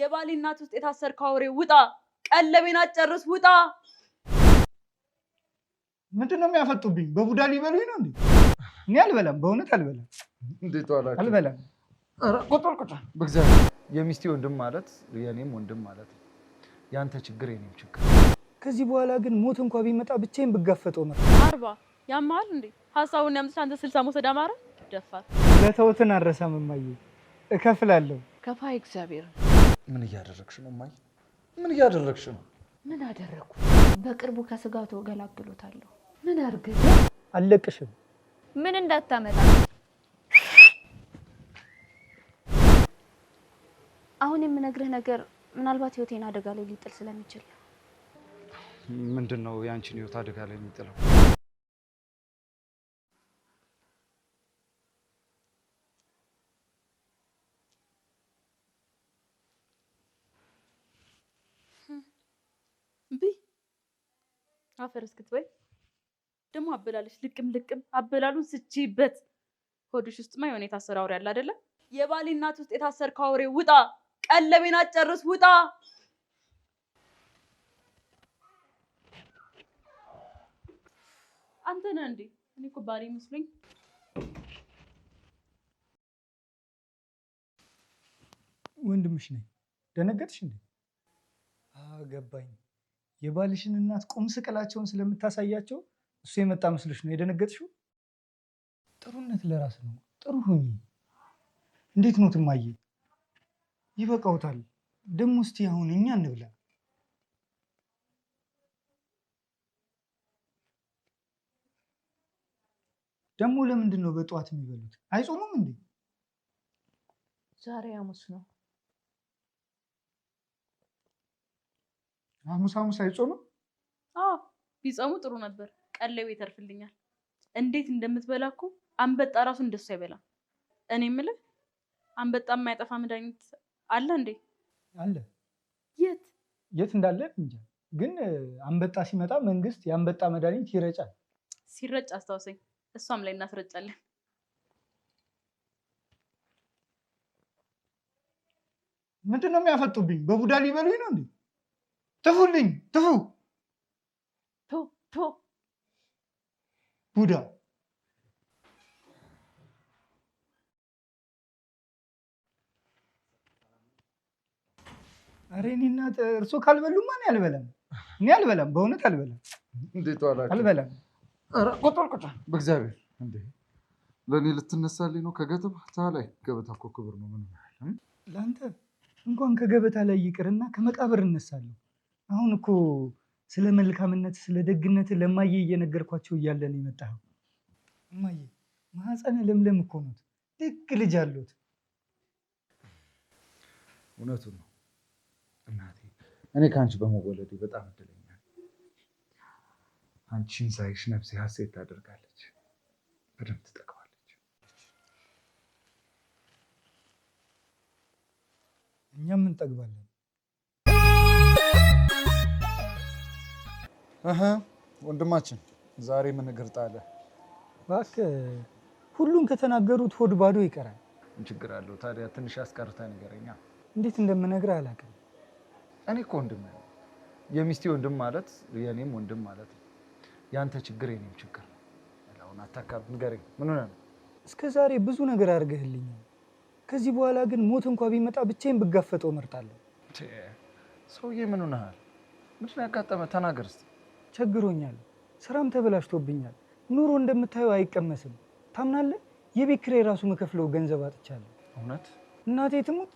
የባሌ እናት ውስጥ የታሰርከው አውሬ ውጣ፣ ቀለቤን አጨርስ፣ ውጣ። ምንድን ነው የሚያፈጡብኝ? በቡዳ ሊበሉኝ ነው እንዴ? እኔ አልበላም፣ በእውነት አልበላም፣ አልበላም። ቆጠል ቆጠል በእግዚአብሔር የሚስቴ ወንድም ማለት የኔም ወንድም ማለት ነው። ያንተ ችግር የኔም ችግር። ከዚህ በኋላ ግን ሞት እንኳ ቢመጣ ብቻዬን ብጋፈጠው ነው። አርባ ያማል እንዴ ሀሳቡን ያምጥሽ አንተ ስልሳ መውሰድ አማረ ደፋት። ለተውትን አረሳም እማዬ እከፍላለሁ። ከፋ እግዚአብሔር ምን እያደረግሽ ነው ማይ? ምን እያደረግሽ ነው? ምን አደረግኩ? በቅርቡ ከስጋቱ እገላግሎታለሁ። ምን አርግዝ? አልለቅሽም። ምን እንዳታመጣ። አሁን የምነግርህ ነገር ምናልባት ህይወቴን አደጋ ላይ ሊጥል ስለሚችል። ምንድን ነው የአንቺን ህይወት አደጋ ላይ የሚጥለው? አፈር እስክትበይ ደግሞ አበላለች። ልቅም ልቅም አበላሉን ስቼበት ሆድሽ ውስጥ ማ የሆነ የታሰረ አውሬ አለ አይደለ? የባሌ እናት ውስጥ የታሰርከው አውሬ ውጣ! ቀለቤን አጨርስ ውጣ! አንተ ነህ እንዴ? እኔ እኮ ባሌ ይመስሉኝ። ወንድምሽ ነኝ። ደነገጥሽ እንዴ? ገባኝ። የባልሽን እናት ቁም ስቅላቸውን ስለምታሳያቸው እሱ የመጣ ምስሎች ነው የደነገጥሽው? ጥሩነት ለራስ ነው። ጥሩ ሁኚ። እንዴት ነው ትማዬ? ይበቃውታል። ደግሞ እስቲ አሁን እኛ እንብላ። ደግሞ ለምንድን ነው በጠዋት የሚበሉት? አይጾሙም እንዴ? ዛሬ ሐሙስ ነው። ሐሙስ ሐሙስ አይጾምም? አዎ ቢጾሙ ጥሩ ነበር። ቀለብ ይተርፍልኛል። እንዴት እንደምትበላ እኮ አንበጣ ራሱ እንደሱ አይበላም። እኔ የምልህ አንበጣ የማይጠፋ መድኃኒት አለ እንዴ? አለ። የት የት እንዳለ እንጃ፣ ግን አንበጣ ሲመጣ መንግስት የአንበጣ መድኃኒት ይረጫል። ሲረጭ አስታውሰኝ። እሷም ላይ እናስረጫለን። ምንድን ነው የሚያፈጡብኝ? በቡዳ ሊበሉኝ ነው እንዴ? ጥፉልኝ ጥፉ ቶ ቡዳ ኧረ እኔ እናት እርስዎ ካልበሉማ እኔ አልበላም። እኔ አልበላም፣ በእውነት አልበላም፣ አልበላም። ቆጧል ቆጧል። በእግዚአብሔር እንደ ለእኔ ልትነሳልኝ ነው ከገበታ ላይ? ገበታ እኮ ክብር ነው። ምን ለአንተ እንኳን ከገበታ ላይ ይቅርና ከመቃብር እነሳለሁ። አሁን እኮ ስለ መልካምነት ስለ ደግነት ለማየ እየነገርኳቸው እያለ ነው የመጣኸው። እማዬ ማህፀን ለምለም እኮ ነው፣ ድቅ ልጅ አሉት። እውነቱን ነው እናቴ፣ እኔ ከአንቺ በመወለዴ በጣም እድለኛ። አንቺን ሳይሽ ነፍሴ ሀሴት ታደርጋለች፣ በደንብ ትጠቅማለች። እኛም እንጠግባለን። ወንድማችን ዛሬ ምን እግር ጣለ? እባክህ ከተናገሩት ሆድ ባዶ ይቀራል። ችግር አለው ታዲያ? ትንሽ አስቀርተህ ንገረኛ። እንዴት እንደምነግርህ አላውቅም። እኔ እኮ ወንድም የሚስቴ ወንድም ማለት የእኔም ወንድም ማለት ነው። ችግር የኔም ችግር ነው። አታካብድ፣ ንገረኝ። ምን ሆነህ ነው? እስከ ዛሬ ብዙ ነገር አድርገህልኛል። ከዚህ በኋላ ግን ሞት እንኳ ቢመጣ ብቻዬን ብጋፈጠው እመርጣለሁ። ሰውዬ ምን ሆነሃል? ምንድን ያጋጠመህ? ተናገር እስኪ ቸግሮኛል፣ ስራም ተበላሽቶብኛል፣ ኑሮ እንደምታየው አይቀመስም። ታምናለህ? የቤት ኪራይ ራሱ መከፍለው ገንዘብ አጥቻለሁ። እውነት እናቴ ትሙት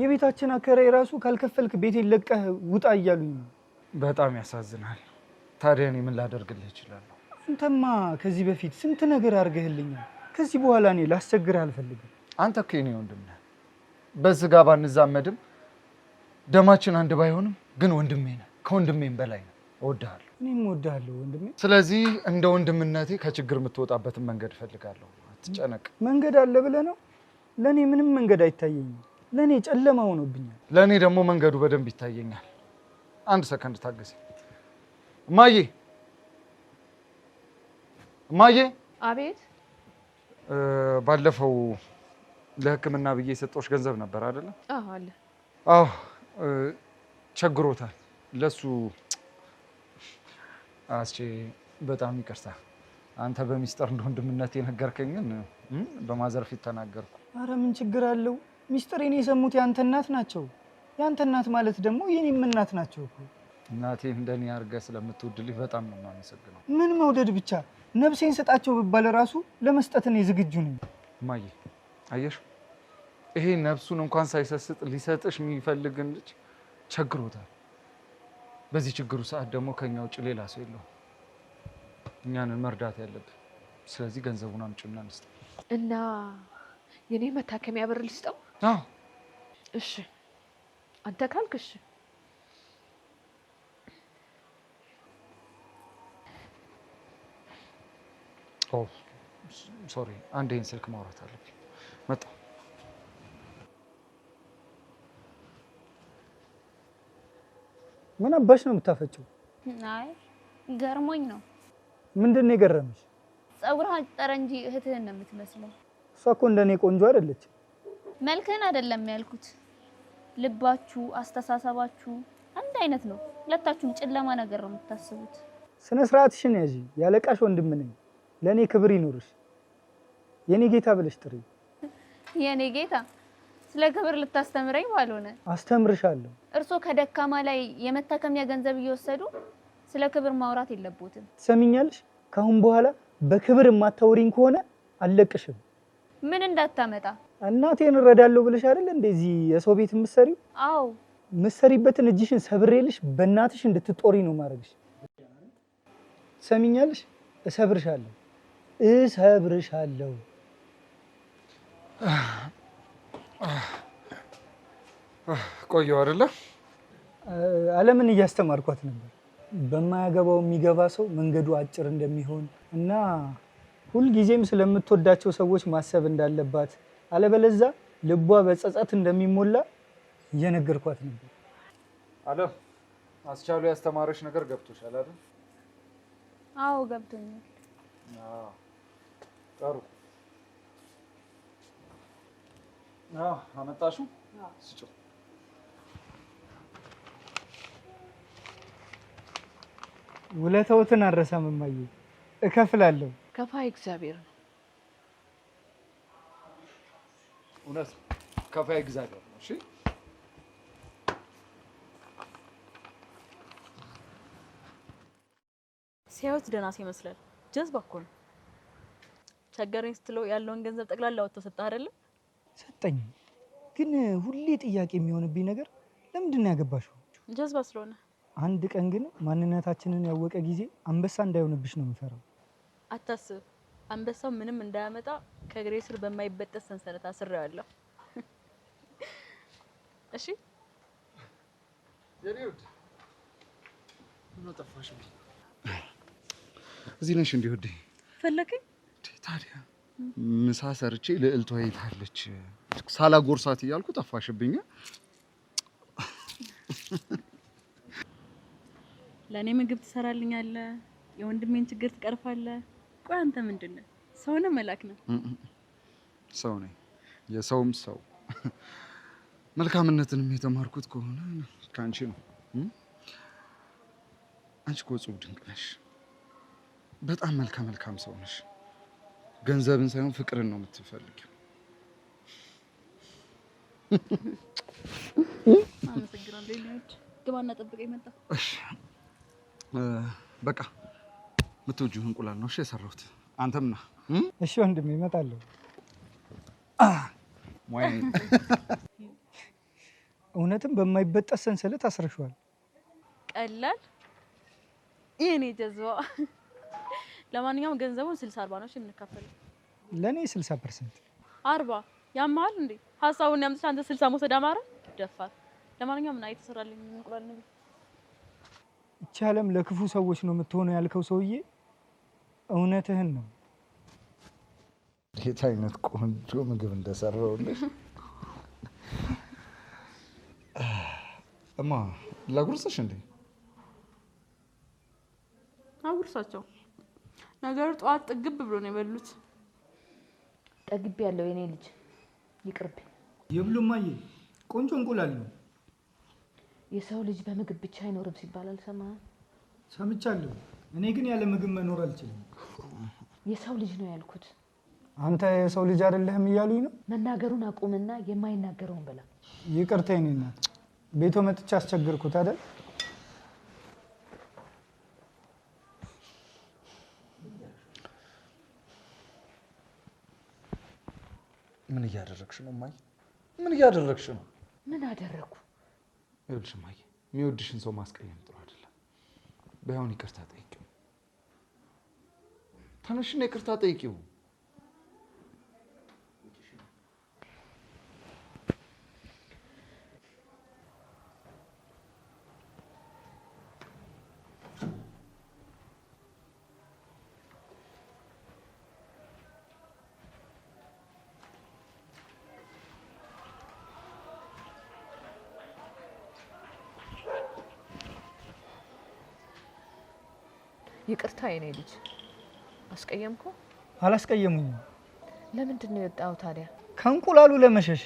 የቤታችን አከራይ ራሱ ካልከፈልክ ቤቴን ለቀህ ውጣ እያሉኝ ነው። በጣም ያሳዝናል። ታዲያ እኔ ምን ላደርግልህ እችላለሁ? አንተማ ከዚህ በፊት ስንት ነገር አድርገህልኛል። ከዚህ በኋላ እኔ ላስቸግርህ አልፈልግም። አንተ እኮ የእኔ ወንድም ነህ። በስጋ ባንዛመድም ደማችን አንድ ባይሆንም ግን ወንድሜ ነህ፣ ከወንድሜም በላይ ነህ። እወድሃለሁ። እኔም እወድሃለሁ ወንድሜ። ስለዚህ እንደ ወንድምነቴ ከችግር የምትወጣበትን መንገድ እፈልጋለሁ። አትጨነቅ። መንገድ አለ ብለህ ነው? ለእኔ ምንም መንገድ አይታየኝም። ለእኔ ጨለማ ሆኖብኛል። ለእኔ ደግሞ መንገዱ በደንብ ይታየኛል። አንድ ሰከንድ ታገሰ። እማዬ እማዬ። አቤት። ባለፈው ለሕክምና ብዬ የሰጠሁሽ ገንዘብ ነበር አይደለም አዎ አለ። አዎ ቸግሮታል ለሱ አስቼ በጣም ይቅርታ። አንተ በሚስጥር እንደ ወንድምነት የነገርከኝን በማዘር ፊት ተናገርኩ። አረ ምን ችግር አለው? ሚስጥሬን የሰሙት የአንተ እናት ናቸው። የአንተ እናት ማለት ደግሞ የኔም እናት ናቸው እናቴ እንደኔ አድርገህ ስለምትወድልኝ በጣም ነው የማመሰግነው። ምን መውደድ ብቻ ነፍሴን ስጣቸው ብባል ራሱ ለመስጠት እኔ ዝግጁ ነኝ። እማዬ አየሽ፣ ይሄ ነፍሱን እንኳን ሳይሰስጥ ሊሰጥሽ የሚፈልግን ልጅ ቸግሮታል። በዚህ ችግሩ ሰዓት ደግሞ ከኛ ውጭ ሌላ ሰው የለውም። እኛንን መርዳት ያለብን። ስለዚህ ገንዘቡን አምጪና እንስጥ እና የኔ መታከሚያ ብር ልስጠው። እሺ አንተ ካልክ እሺ። ሶሪ፣ አንድ ይህን ስልክ ማውራት አለብኝ። መጣሁ። ምን አባሽ ነው የምታፈጭው? አይ ገርሞኝ ነው። ምንድን ነው የገረመሽ? ጸጉር አጠረ እንጂ እህትህን ነው የምትመስለው። እሷ እኮ እንደኔ ቆንጆ አይደለች። መልክህን አይደለም ያልኩት፣ ልባችሁ፣ አስተሳሰባችሁ አንድ አይነት ነው። ሁለታችሁም ጨለማ ነገር ነው የምታስቡት። ስነ ስርዓትሽን ያዥ ያለቃሽ ወንድም ነኝ። ለእኔ ክብር ይኑርሽ። የኔ ጌታ ብለሽ ጥሪ። የኔ ጌታ ስለ ግብር ልታስተምረኝ ባልሆነ አስተምርሻለሁ። እርሶ ከደካማ ላይ የመታከሚያ ገንዘብ እየወሰዱ ስለ ክብር ማውራት የለቦትም። ትሰሚኛለሽ? ከአሁን በኋላ በክብር የማታወሪኝ ከሆነ አለቅሽም ምን እንዳታመጣ። እናቴን እረዳለሁ ብለሽ አይደል እንደዚህ የሰው ቤት ምሰሪ? አዎ፣ ምሰሪበትን እጅሽን ሰብሬልሽ በእናትሽ እንድትጦሪ ነው ማድረግሽ። ትሰሚኛለሽ? እሰብርሻለሁ፣ እሰብርሻለሁ። ቆየሁ አይደለ? አለምን እያስተማርኳት ነበር። በማያገባው የሚገባ ሰው መንገዱ አጭር እንደሚሆን እና ሁልጊዜም ስለምትወዳቸው ሰዎች ማሰብ እንዳለባት አለበለዛ ልቧ በጸጸት እንደሚሞላ እየነገርኳት ነበር። አለም አስቻሉ ያስተማረች ነገር ገብቶሻል አይደል? አዎ ገብቶኛል። ጥሩ አመጣሹ ስጭ። ውለታዎትን አረሳም እማዬ፣ እከፍላለሁ። ከፋይ እግዚአብሔር ነው። እውነት ከፋይ እግዚአብሔር ነው። እሺ ሲያዩት ደህና ይመስላል። ጀዝባ እኮ ነው። ቸገረኝ ስትለው ያለውን ገንዘብ ጠቅላላ ወጥቶ ሰጠህ አይደለም? ሰጠኝ። ግን ሁሌ ጥያቄ የሚሆንብኝ ነገር ለምንድን ነው ያገባሽው? ጀዝባ ስለሆነ። አንድ ቀን ግን ማንነታችንን ያወቀ ጊዜ አንበሳ እንዳይሆንብሽ ነው የምፈራው። አታስብ፣ አንበሳው ምንም እንዳያመጣ ከእግሬ ስር በማይበጠስ ሰንሰለት አስሬዋለሁ። እሺ እዚህ ነሽ እንዲህ ውዴ፣ ታዲያ ምሳ ሰርቼ ልዕልቷ ይታለች ጎርሳት እያልኩ ጠፋሽብኝ። ለእኔ ምግብ አለ የወንድሜን ችግር ትቀርፋለ። ቆይ አንተ ምንድን ነህ? ሰው ነህ? መልአክ ነው? ሰው ነኝ፣ የሰውም ሰው። መልካምነትንም የተማርኩት ከሆነ ከአንቺ ነው። አንቺ እኮ እጹብ ድንቅ ነሽ። በጣም መልከ መልካም ሰው ነሽ። ገንዘብን ሳይሆን ፍቅርን ነው የምትፈልግ። በቃ ምትውጁ እንቁላል ነው የሰራሁት። አንተም ና እሺ። ወንድም እመጣለሁ። እውነትም በማይበጠስ ሰንሰለት አስረሸዋል። ቀላል ይህኔ ጀዝባ ለማንኛውም ገንዘቡን ስልሳ አርባ ነው የምንካፈለው። ለእኔ ስልሳ ፐርሰንት አርባ ያመሃል እንዴ? ሀሳቡን ያምጥሽ አንተ ስልሳ መውሰድ አማረ ደፋር። ለማንኛውም ምን አይተሰራልኝ እንቁላል ነው። ይቺ ዓለም ለክፉ ሰዎች ነው የምትሆነው ያልከው ሰውዬ እውነትህን ነው። እንዴት አይነት ቆንጆ ምግብ እንደሰራሁልሽ እማ ላጉርስሽ እንዴ? አጉርሳቸው ነገሩ ጠዋት ጥግብ ብሎ ነው የበሉት። ጠግብ ያለው የኔ ልጅ ይቅርብ የብሉማዬ ቆንጆ እንቁላል ነው። የሰው ልጅ በምግብ ብቻ አይኖርም ሲባል አልሰማህም? ሰምቻለሁ። እኔ ግን ያለ ምግብ መኖር አልችልም። የሰው ልጅ ነው ያልኩት። አንተ የሰው ልጅ አይደለህም እያሉኝ ነው። መናገሩን አቁምና የማይናገረውን በላ። ይቅርታ የኔ እናት፣ ቤቶ መጥቼ አስቸግርኩት አይደል? ምን እያደረግሽ ነው እማዬ? ምን እያደረግሽ ነው? ምን አደረግኩ? ይኸውልሽ እማዬ፣ የሚወድሽን ሰው ማስቀየም ጥሩ አይደለም። በያውን ይቅርታ ጠይቂው። ተነሽና ይቅርታ ጠይቂው። ይቅርታ የኔ ልጅ አስቀየምኩ? አላስቀየሙኝም። ለምንድን ነው የወጣው ታዲያ? ከእንቁላሉ ለመሸሽ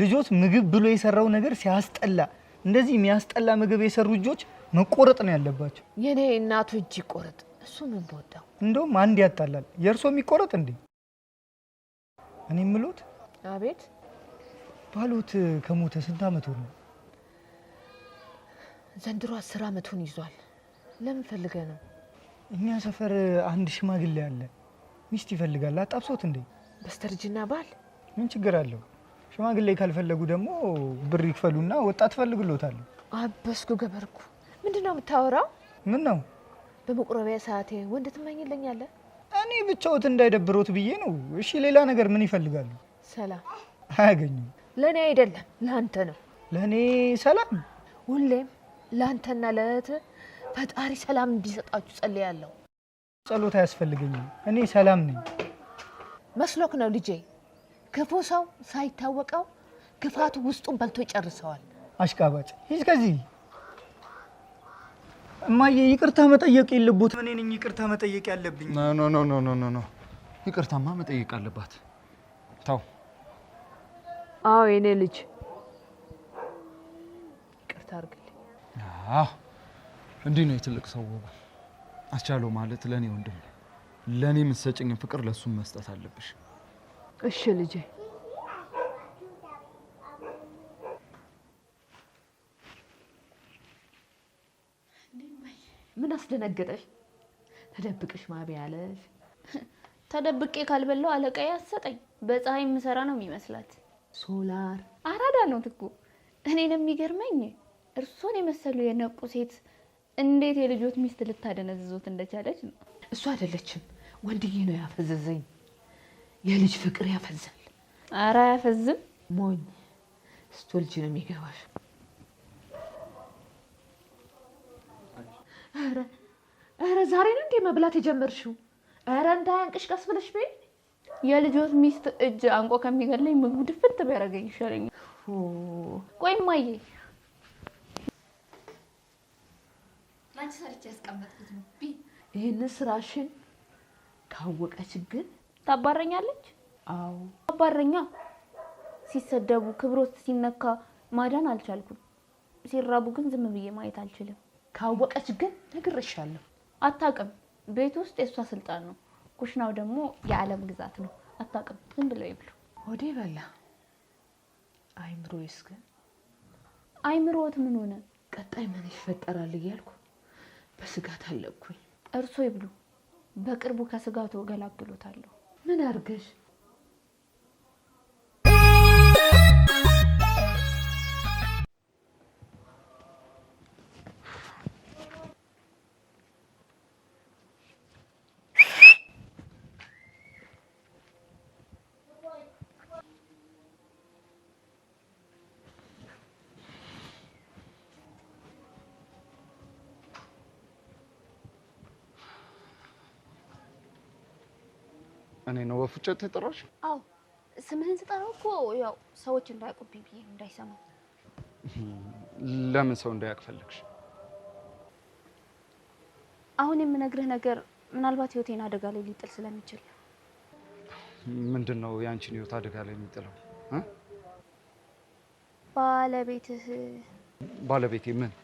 ልጆች ምግብ ብሎ የሰራው ነገር ሲያስጠላ፣ እንደዚህ የሚያስጠላ ምግብ የሰሩ እጆች መቆረጥ ነው ያለባቸው። የኔ እናቱ እጅ ይቆረጥ፣ እሱ ምን በወጣው። እንደውም አንድ ያጣላል። የእርሶ የሚቆረጥ እንዴ? እኔ ምሎት። አቤት። ባሎት ከሞተ ስንት አመት ሆነ? ዘንድሮ አስር አመቱን ይዟል። ለምን ፈልገ ነው እኛ ሰፈር አንድ ሽማግሌ አለ፣ ሚስት ይፈልጋል። አጣብሶት እንዴ! በስተርጅና ባል ምን ችግር አለው? ሽማግሌ ካልፈለጉ ደግሞ ብር ይክፈሉና ወጣት ፈልግሎታል። አበስኩ ገበርኩ። ምንድን ነው የምታወራው? ምን ነው በመቁረቢያ ሰዓቴ ወንድ ትመኝልኛለ? እኔ ብቻዎት እንዳይደብሮት ብዬ ነው። እሺ ሌላ ነገር ምን ይፈልጋሉ? ሰላም አያገኙም። ለእኔ አይደለም ለአንተ ነው። ለእኔ ሰላም ሁሌም ለአንተና ለእህትህ ፈጣሪ ሰላም እንዲሰጣችሁ ጸልያለሁ። ጸሎት አያስፈልገኝም። እኔ ሰላም ነኝ። መስሎክ ነው ልጄ። ክፉ ሰው ሳይታወቀው ክፋቱ ውስጡን በልቶ ይጨርሰዋል። አሽቃባጭ ይህ ከዚህ እማዬ ይቅርታ መጠየቅ የለቦት። እኔ ነኝ ይቅርታ መጠየቅ ያለብኝ። ኖ ኖ ኖ ይቅርታማ መጠየቅ አለባት። ታው አዎ የኔ ልጅ ይቅርታ አድርግልኝ። አዎ እንዲህ ነው የትልቅ ሰው ወባ። አስቻለው ማለት ለእኔ ወንድም ነው። ለእኔ የምትሰጭኝን ፍቅር ለእሱም መስጠት አለብሽ። እሺ ልጄ። ምን አስደነገጠሽ? ተደብቅሽ ማቢ ያለሽ። ተደብቄ ካልበላው አለቃዬ አሰጠኝ። በፀሐይ የምሰራ ነው የሚመስላት። ሶላር አራዳ ነው ትኩ። እኔን የሚገርመኝ እርሶን የመሰሉ የነቁ ሴት እንዴት የልጆት ሚስት ልታደነዝዞት እንደቻለች ነው። እሱ አይደለችም ወንድዬ ነው ያፈዘዘኝ። የልጅ ፍቅር ያፈዛል። አረ አያፈዝም። ሞኝ ስቶልጅ ነው የሚገባሽ። ኧረ ዛሬ ነው እንዴ መብላት የጀመርሽው? ኧረ እንዳያንቅሽ ቀስ ብለሽ በይ። የልጆት ሚስት እጅ አንቆ ከሚገለኝ ምግቡ ድፍት ቢያደርገኝ ይሻለኛል። ቆይ እማዬ ሰርቼ ያስቀመጥኩት ነው። ይህን ስራሽን ካወቀች ግን ታባረኛለች። አዎ ታባረኛ። ሲሰደቡ ክብሮት ሲነካ ማዳን አልቻልኩም። ሲራቡ ግን ዝም ብዬ ማየት አልችልም። ካወቀች ግን ነግሬሻለሁ። አታውቅም። ቤት ውስጥ የእሷ ስልጣን ነው፣ ኩሽናው ደግሞ የዓለም ግዛት ነው። አታውቅም። ዝም ብለው ይብሉ። ሆዴ በላ። አይምሮዬስ ግን አይምሮት ምን ሆነ? ቀጣይ ምን ይፈጠራል እያልኩ በስጋት አለኩኝ። እርሶ ይብሉ፣ በቅርቡ ከስጋቱ እገላግሎታለሁ። ምን አርገሽ እኔ ነው በፉጨት የጠራሽ? አዎ ስምህን ስጠራው እኮ ያው ሰዎች እንዳያውቁብኝ ብዬ እንዳይሰማ። ለምን ሰው እንዳያውቅ ፈለግሽ? አሁን የምነግርህ ነገር ምናልባት ህይወቴን አደጋ ላይ ሊጥል ስለሚችል። ምንድን ነው የአንቺን ህይወት አደጋ ላይ የሚጥለው? ባለቤትህ። ባለቤቴ ምን